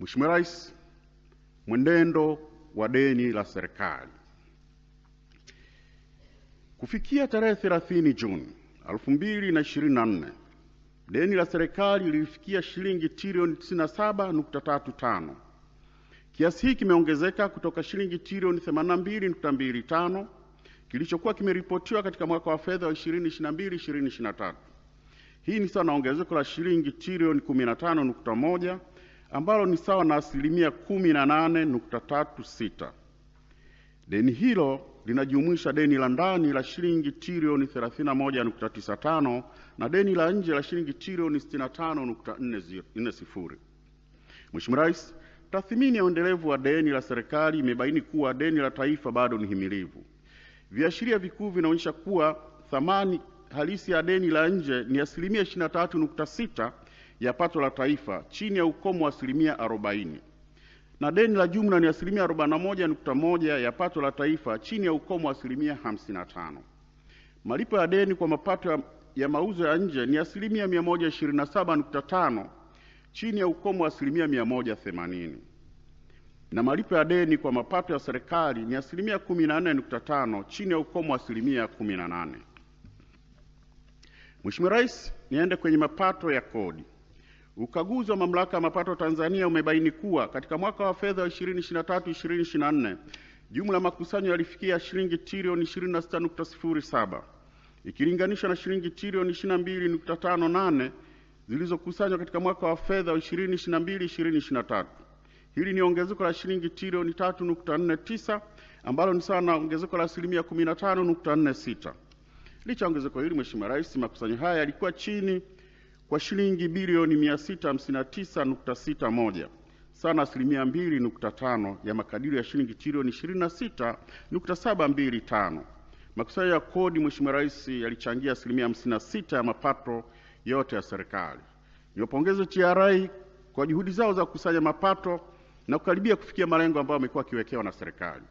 Mheshimiwa Rais, mwenendo wa deni la serikali kufikia tarehe 30 Juni 2024 deni la serikali lilifikia shilingi trilioni 97.35. Kiasi hiki kimeongezeka kutoka shilingi trilioni 82.25 kilichokuwa kimeripotiwa katika mwaka wa fedha wa 2022/2023. Hii ni sawa na ongezeko la shilingi trilioni 15.1 ambalo ni sawa na asilimia kumi sita. Deni hilo linajumuisha deni la ndani la shilingi trilioni 31.95 na deni la nje la shilingi trilioni 65.40. Mheshimiwa Rais, tathmini ya uendelevu wa deni la serikali imebaini kuwa deni la taifa bado ni himilivu. Viashiria vikuu vinaonyesha kuwa thamani halisi ya deni la nje ni asilimia 23.6 ya pato la taifa chini ya ukomo wa asilimia 40 na deni la jumla ni asilimia 41.1 ya pato la taifa chini ya ukomo wa asilimia 55. Malipo ya deni kwa mapato ya, mauzo ya nje ni asilimia 127.5 chini ya ukomo wa asilimia 180 na malipo ya deni kwa mapato ya serikali ni asilimia 14.5 chini ya ukomo wa asilimia 18. Mheshimiwa Rais, niende kwenye mapato ya kodi. Ukaguzi wa Mamlaka ya Mapato Tanzania umebaini kuwa katika mwaka wa fedha wa 2023/2024 jumla makusanyo yalifikia shilingi trilioni 26.07 ikilinganishwa na shilingi trilioni 22.58 zilizokusanywa katika mwaka wa fedha wa 2022/2023. Hili ni ongezeko la shilingi trilioni 3.49 ambalo ni sawa na ongezeko la asilimia 15.46. Licha ongezeko hili, Mheshimiwa Rais, makusanyo haya yalikuwa chini kwa shilingi bilioni 659.61 sawa na asilimia 2.5 ya makadirio ya shilingi trilioni 26.725. Makusanyo ya kodi, Mheshimiwa Rais, yalichangia asilimia 56 ya mapato yote ya serikali. Niwapongeze TRA kwa juhudi zao za kukusanya mapato na kukaribia kufikia malengo ambayo wamekuwa wakiwekewa na serikali.